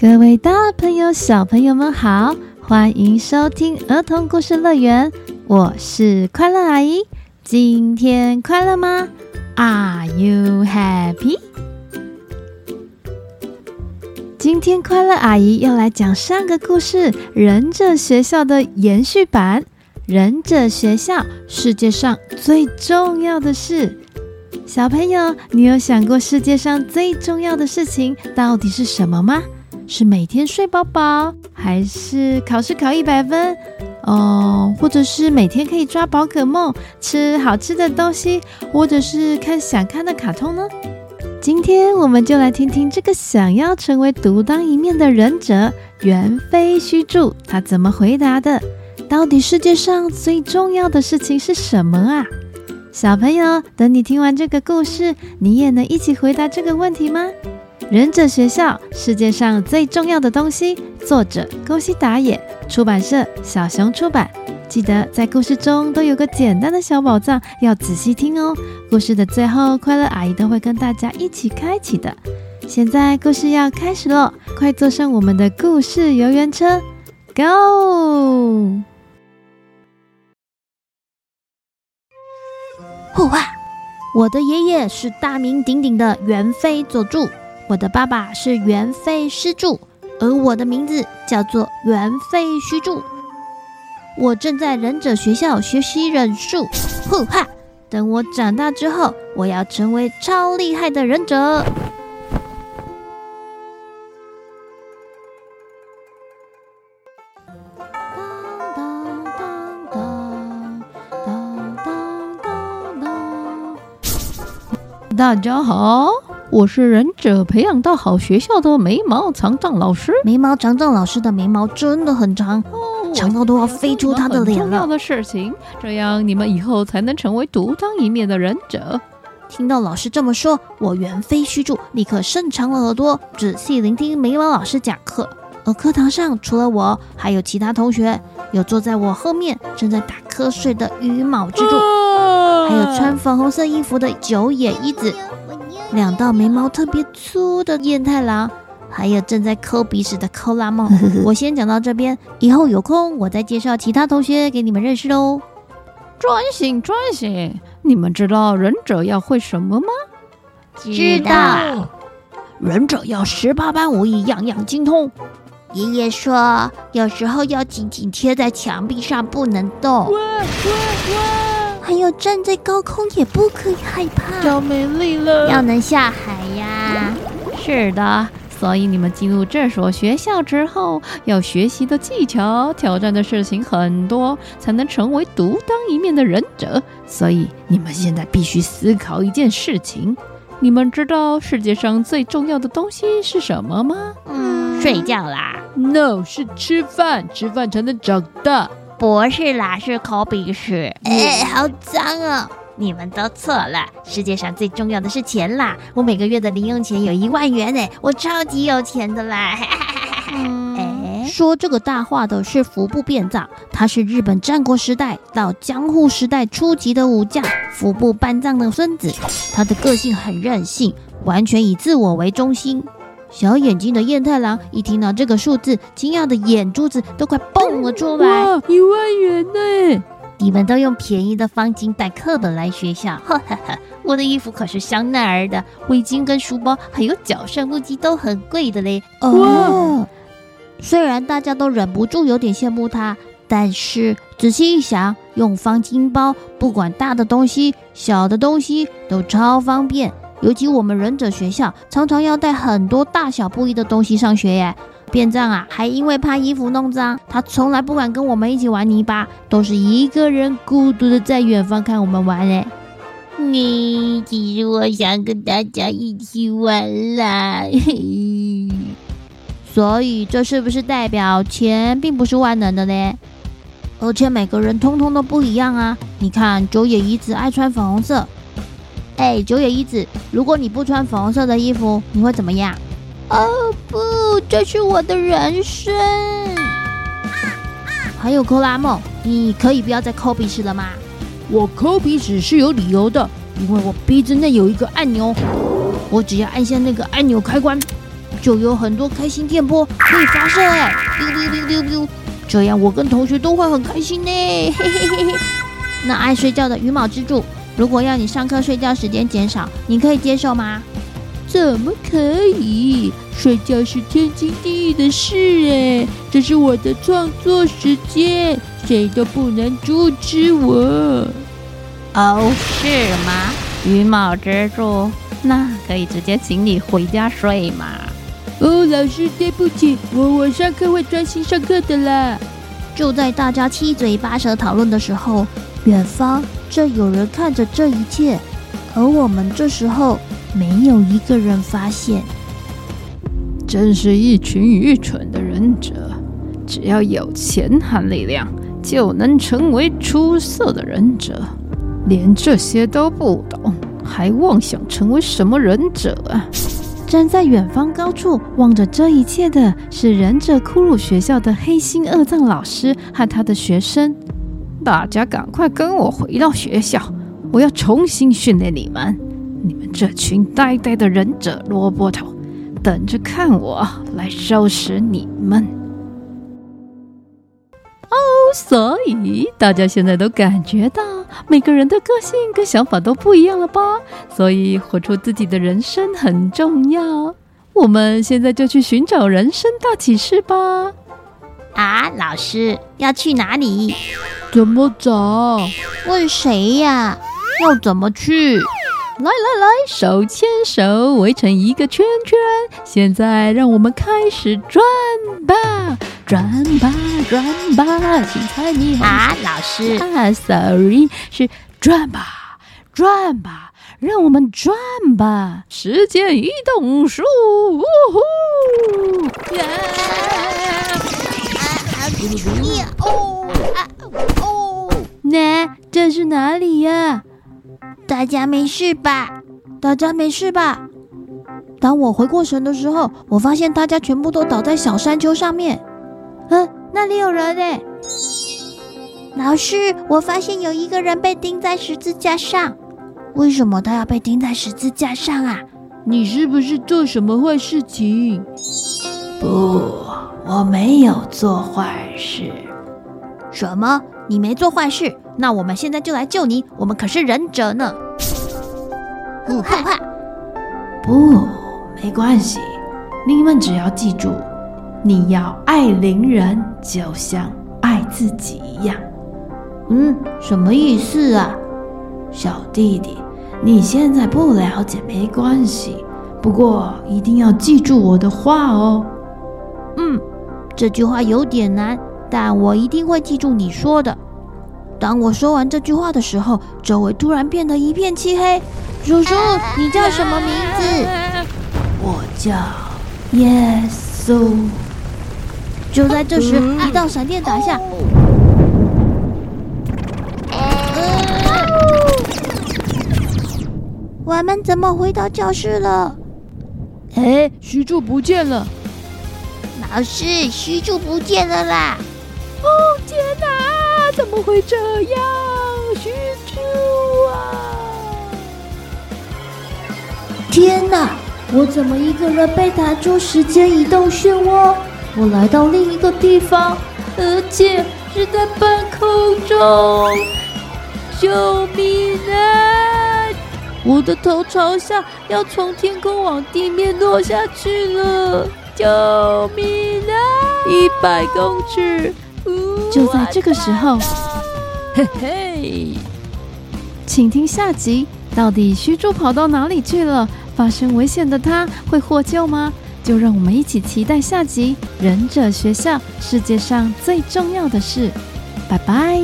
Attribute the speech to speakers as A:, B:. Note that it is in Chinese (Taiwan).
A: 各位大朋友、小朋友們好，歡迎收聽兒童故事樂園，我是快樂阿姨。今天快樂嗎？Are you happy？今天快樂阿姨要來講上個故事《忍者學校的延續版》。忍者學校，世界上最重要的事。小朋友，你有想過世界上最重要的事情到底是什麼嗎？是每天睡飽飽，還是考試考一百分？哦、呃，或者是每天可以抓寶可夢、吃好吃的東西，或者是看想看的卡通呢？今天我們就來聽聽這個想要成為獨當一面的忍者，猿飛須助他怎麼回答的。到底世界上最重要的事情是什麼啊？小朋友，等你聽完這個故事，你也能一起回答這個問題嗎？《忍者學校：世界上最重要的東西》，作者宮西達也，出版社小熊出版。記得在故事中都有個簡單的小寶藏，要仔細聽哦。故事的最後，快樂阿姨都會跟大家一起開啟的。現在故事要開始了，快坐上我們的故事遊園車，Go！哇、啊，我的爺爺是大名鼎鼎的猿飛佐助。我的爸爸是猿飛須助，而我的名字叫做猿飛須助。我正在忍者學校學習忍術，哼哈！等我長大之後，我要成為超厲害的忍者。當當當當當當當當！大家好。我是忍者培養到好學校的眉毛長藏老師，眉毛長藏老師的眉毛真的很長，哦、長到都要飛出他的臉了。重要的事情，這樣你們以後才能成為獨當一面的忍者。聽到老師這麼說，我猿飛須助立刻伸長了耳朵，仔細聆聽眉毛老師講課。而課堂上除了我，還有其他同學，有坐在我後面正在打瞌睡的魚卯之助，啊、還有穿粉紅色衣服的九野一子。兩道眉毛特別粗的燕太郎，還有正在摳鼻屎的摳拉夢。 我先講到這邊，以後有空我再介紹其他同學給你們認識嘍。專心專心，你們知道忍者要會什麼嗎？知道。知道忍者要十八般武藝，樣樣精通。爺爺說，有時候要緊緊貼在牆壁上，不能動。還有站在高空也不可以害怕，要沒力了，要能下海呀！ 是的，所以你們進入這所學校之後，要學習的技巧、挑戰的事情很多，才能成為獨當一面的忍者。所以你們現在必須思考一件事情：你們知道世界上最重要的東西是什麼嗎？嗯，睡覺啦。No，是吃飯，吃飯才能長大。不是啦，是摳鼻屎。哎、欸，好髒哦！你們都錯了，世界上最重要的是錢啦！我每個月的零用錢有一萬元呢，我超級有錢的啦。哎、 嗯，說這個大話的是服部半藏，他是日本戰國時代到江戶時代初期的武將，服部半藏的孫子。他的個性很任性，完全以自我為中心。小眼睛的彥太郎一聽到這個數字，驚訝的眼珠子都快蹦了出來。哇，一萬元呢？你們都用便宜的方巾帶課本來學校？哈哈哈！我的衣服可是香奈兒的，圍巾跟書包還有腳上估計都很貴的嘞。哇哦，雖然大家都忍不住有點羨慕他，但是仔細一想，用方巾包，不管大的東西、小的東西，都超方便。尤其我們忍者學校常常要帶很多大小不一的東西上學耶。便藏啊，還因為怕衣服弄髒，他從來不敢跟我們一起玩泥巴，都是一個人孤獨的在遠方看我們玩嘞。你、嗯、其實我想跟大家一起玩啦。嘿嘿。所以這是不是代表錢並不是萬能的呢？而且每個人通通都不一樣啊。你看九野一直愛穿粉紅色。哎，hey, 九野一子，如果你不穿粉紅色的衣服，你會怎麼樣？哦不，這是我的人生。還有扣拉夢，你可以不要再摳鼻屎了嗎？我摳鼻屎是有理由的，因為我鼻子內有一個按鈕，我只要按下那個按鈕開關，就有很多開心電波可以發射哎，這樣我跟同學都會很開心呢。嘿嘿嘿嘿，那愛睡覺的羽毛蜘蛛。如果要你上課睡覺時間減少，你可以接受嗎？怎麼可以？睡覺是天經地義的事誒，這是我的創作時間，誰都不能阻止我。哦，是嗎？猿飛須助，那可以直接請你回家睡嗎？哦，老師，對不起，我我上課會專心上課的啦。就在大家七嘴八舌討論的時候。遠方正有人看着這一切，而我們這時候沒有一個人發現。真是一群愚蠢的忍者！只要有錢和力量，就能成為出色的忍者。連這些都不懂，還妄想成為什麼忍者啊？站在遠方高處望着這一切的是忍者骷髏學校的黑心惡藏老師和他的學生。大家趕快跟我回到學校，我要重新訓練你們。你們這群呆呆的忍者蘿蔔頭，等着看我來收拾你們。哦，所以大家現在都感覺到每個人的個性跟想法都不一樣了吧？所以活出自己的人生很重要。我們現在就去尋找人生大啟示吧。啊，老師要去哪裡？怎麼走？問誰呀、啊？要怎麼去？來來來，手牽手圍成一個圈圈，現在讓我們開始轉吧，轉吧，轉吧，吧，請看你好。啊，老師啊、ah，sorry，是轉吧，轉吧，讓我們轉吧，時間移動術，嗚呼，耶。Yeah! 哦啊哦！那、 哎、這是哪裡呀、啊？大家沒事吧？大家沒事吧？當我回過神的時候，我發現大家全部都倒在小山丘上面。嗯、啊，那裡有人誒，老師，我發現有一個人被釘在十字架上。為什麼他要被釘在十字架上啊？你是不是做什麼壞事情？不。我沒有做壞事。什麼？你沒做壞事？那我們現在就來救你。我們可是忍者呢。 不害怕？不，沒關係。你們只要記住，你要愛鄰人，就像愛自己一樣。嗯，什麼意思啊，小弟弟？你現在不了解沒關係，不過一定要記住我的話哦。這句話有點難，但我一定會記住你說的。當我說完這句話的時候，周圍突然變得一片漆黑。叔叔，你叫什麼名字？啊啊、我叫耶穌。就在這時，一道閃電打下。我們怎麼回到教室了？哎，須助不見了。老師、啊，須助不見了啦！哦，天哪，怎麼會這樣？須助啊！天哪，我怎麼一個人被打中時間移動漩渦？我來到另一個地方，而且是在半空中！救命啊！我的頭朝下，要從天空往地面落下去了。一百公尺。Uh, 就在這個時候，嘿嘿，請聽下集，到底須助跑到哪裡去了？發生危險的他會獲救嗎？就讓我們一起期待下集《忍者學校》世界上最重要的事，拜拜。